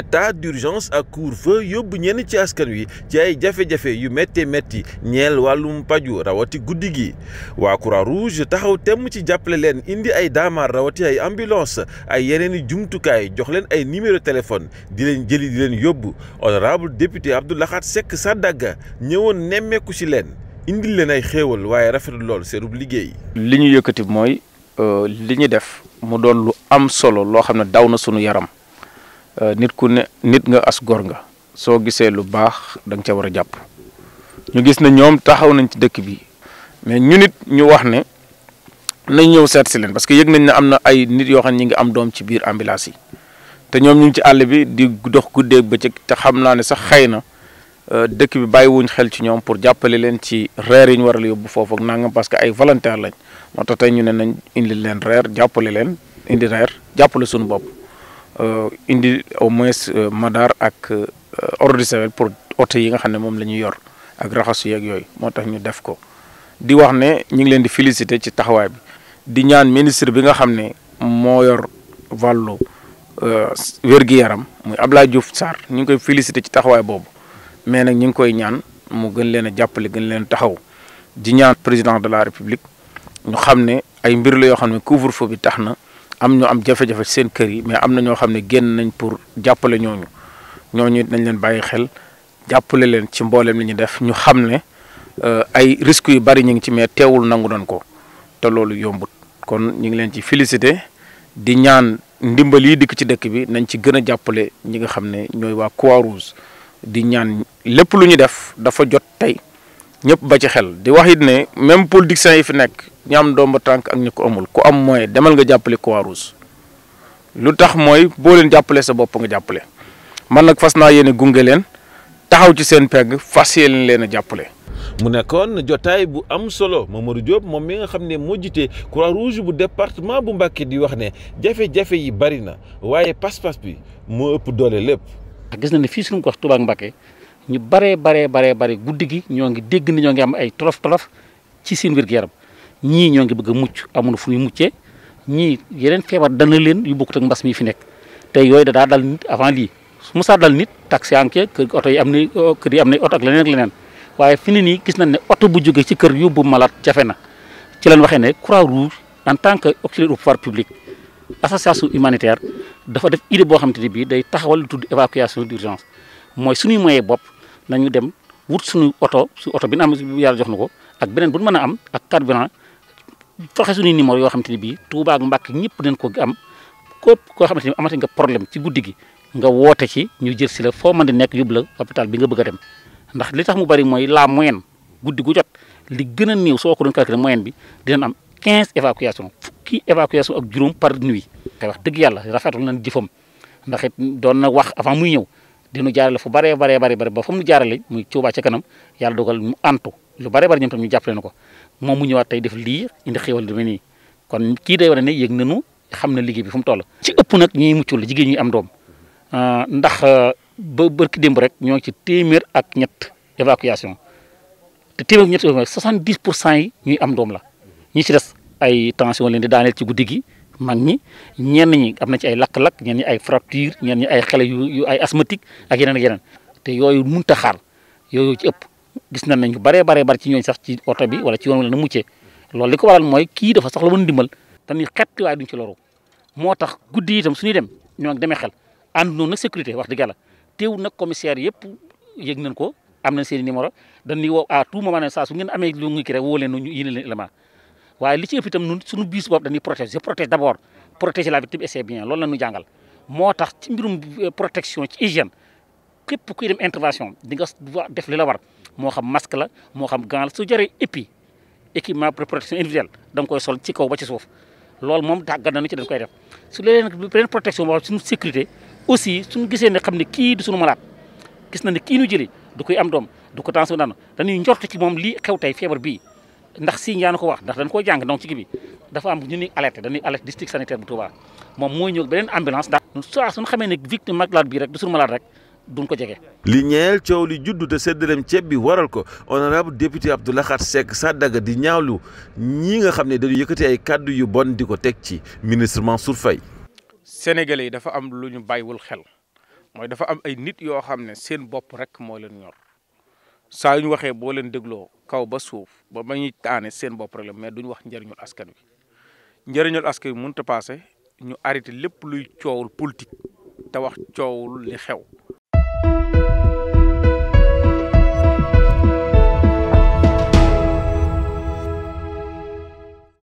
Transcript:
état d'urgence ak couvre-feu yóbbu ñenn ci askan wi ci ay jafe-jafe yu méttee métti ñeel wàllum paju rawati guddi gi waa Croix-Rouge taxaw temm ci jàppale leen indi ay daamaar rawati ay ambulance ay yeneen i jumtukaay jox leen ay numéro téléphone di leen jëli di leen yóbbu honorable député laxaat Lahad Seck Sadaga ñëwoon nemmeeku si leen indil leen ay xéewal waaye rafetlu lool seenub liggéey. li ñu yëkkati mooy euh, li ñu def mu doon lu am solo loo xam ne daw na sunu yaram. Euh, nit ku ne nit nga as gor nga soo gisee lu baax da nga ca war a jàpp ñu gis ne ñoom taxaw nañ ci dëkk bi mais ñu nit ñu wax ne nañ ñëw seet si leen parce que yëg nañ ne am na ay nit yoo xam ne ñi ngi am doom ci biir ambulance yi te ñoom ñu ngi ci àll bi di dox guddee bëccëg te xam naa ne sax xëy na euh, dëkk bi bàyyiwuñ xel ci ñoom pour jàppale leen ci reer yi ñu war a yóbbu foofu ak nangam parce que ay volontaire lañ moo tax tey ñu ne nañ indi leen reer jàppale leen indi jàppale suñu bopp Euh, indi au moins euh, madar ak ordre euh, de service pour oto yi nga xam ne moom la ñuy yor ak raxasu yeeg yooyu moo tax ñu def ko di wax ne ñu ngi leen di féliciter ci taxawaay bi di ñaan ministre bi nga xam ne moo yor wàllu wér-gi-yaram muy ab Abdoulaye Diouf Sarr ñu ngi koy féliciter ci taxawaay boobu mais nag ñu ngi koy ñaan mu gën leen a jàppale gën leen taxaw di ñaan président de la république ñu xam ne ay mbir la yoo xam ne couvre-feu bi tax na am ñu am jafe-jafe seen kër yi mais am na ñoo xam ne génn nañ pour jàppale ñooñu ñooñu it nañ leen bàyyi xel jàppale leen ci mbooleem li ñu def ñu xam ne euh, ay risques yu bari ñu ngi ci mais teewul nangu nañ ko te loolu yombut kon ñu ngi leen ci félicité di ñaan ndimbal yi dikk ci dëkk bi nañ ci gën a jàppale ñi nga xam ne ñooy waa Croix-Rouge di ñaan lépp lu ñu def dafa jot tey ñëpp ba ci xel di wax it ne même politiciens yi fi nekk ñu am ba tànk ak ñu ko amul ku am moyen demal nga jàppale Croix-Rouge lu tax mooy boo leen jàppale sa bopp nga jàppale man nag fas naa yéene gunge leen taxaw ci seen pegg fas yéene leen a jàppale. mu nekkoon jotaay bu am solo moom Mamadou Diop moom mi nga xam ne moo jiite Croix-Rouge bu département bu Mbacké di wax ne jafe-jafe yi bari na waaye pas-pas bi moo ëpp doole lépp. gis na ne fii suñu gox Touba Mbacké ñu bare bare bare bare guddi gi ñoo ngi dégg ni ñoo ngi am ay trof trof ci seen wir yaram ñii ñoo ngi bëgg a mucc amuñu fu ñu muccee ñii yeneen feebar dana leen yu bokkut ak mbas mi fi nekk tey yooyu da daa dal nit avant lii su musaa dal nit taxi anke kër oto yi am ni oh, kër yi am na oto ak leneen ak leneen waaye fi ne nii gis nañ ne oto bu jóge ci kër yóbbu malade jafe na ci lañ waxee ne croix rouge en tant que auxiliaire au pouvoir public association humanitaire dafa def idée boo xamante ne bii day taxawal tudd évacuation d' urgence mooy suñuy moyen bopp nañu dem wut suñu oto su oto bi na am yàlla jox na ko ak beneen bun ñu mën a am ak carburant fexe suñuy moo yoo xamante ni bii Touba ak Mbacke ñëpp dañ ko am képp koo xamante ni amati nga problème ci guddi gi nga woote si ñu jël si la foo mën di nekk yóbbu la hôpital bi nga bëgg a dem ndax li tax mu bari mooy laa moyenne guddi gu jot li gën a néew soo ko doon calculer moyenne bi dinañ am 15 évacuation fukki évacuation ak juróom par nuit. te wax dëgg yàlla rafetul nañ jëfam ndax it doon na wax avant muy ñëw. dinu jaarale fu baree baree bari bari ba fa mu jaarale muy Tuubaa ca kanam yàlla dogal mu antu lu bare bari ñoom tam ñu jàppale na ko moom mu ñëwaat tey def lii indi xéwal du mel nii kon kii day wane ne yëg nañu xam na liggéey bi fu mu toll ci ëpp nag ñiy muccul jigéen ñi am doom ah, ndax ah, ba bërki démb rek ñoo ngi ci téeméer ak ñett évacuation te téeméer ak ñett soixante-dix pour cent yi ñuy am doom la ñu si des ay tension leen di daaneel ci guddi gi mag ñi ñenn ñi am na ci ay lakk-lakk ñenn ñi ay fracture ñenn ñi ay xale yu yu ay asthmatique ak yeneen ak yeneen te yooyu mun ta xaar yooyu ci ëpp gis nañ nañu baree baree bari ci ñooñ sax ci oto bi wala ci yoon wala na muccee lool li ko waral mooy kii dafa soxla woon ndimbal dañuy xetti waaye duñ ci loro moo tax guddi itam suñuy dem ñoo demee xel ànd noonu nag sécurité wax dëgg yàlla teewul nag commissaire yëpp yëg nañ ko am nañ seen i numéro dañuy woo à tout moment ne saa su ngeen amee lu ngi ki woo leen waye li ci ëpp itam ñun suñu biis bop dañuy protéger je protège protéger la victime et c'est bien loolu lañu jangal motax ci mbirum euh, protection ci hygiène kep kuy dem intervention di nga def li la war mo xam masque la mo xam gant la su jëree épi équipement de protection individuelle dang koy sol ci kaw ba ci suuf loolu mom tag na ci dañ koy def su leen beneen protection mo suñu sécurité aussi suñu gisé ne xamni ki du suñu malade gis na ni ki ñu jëri du koy am doom du ko tansu daan dañuy ñort ci mom li xew tay fièvre bi ndax signe yaa na ko wax ndax dañ koo jàng donc ci kii bi dafa am ñu ni alerté dañuy alerte district sanitaire bu Touba moom mooy ñëw beneen ambulance ndax saa suñu xamee ne victime malade bi rek du ma malade rek duñ ko jege li ñeel coow li juddu te séddaleem ceeb bi waral ko honorable député Abdou Lahad Seck Sadaga di ñaawlu ñi nga xam ne dañu yëkkati ay kàddu yu bon di ko teg ci ministrement Mansour Faye Sénégalais yi dafa am lu ñu bàyyiwul xel mooy dafa am ay nit yoo xam ne seen bopp rek moo leen ñor saa yu ñu waxee boo leen dégloo kaw ba suuf ba ma ñuy taane seen bopp problème mais duñ wax njëriñul askan wi njëriñul askan wi mënut paase ñu arrêté lépp luy coowul politique te wax coowul li xew.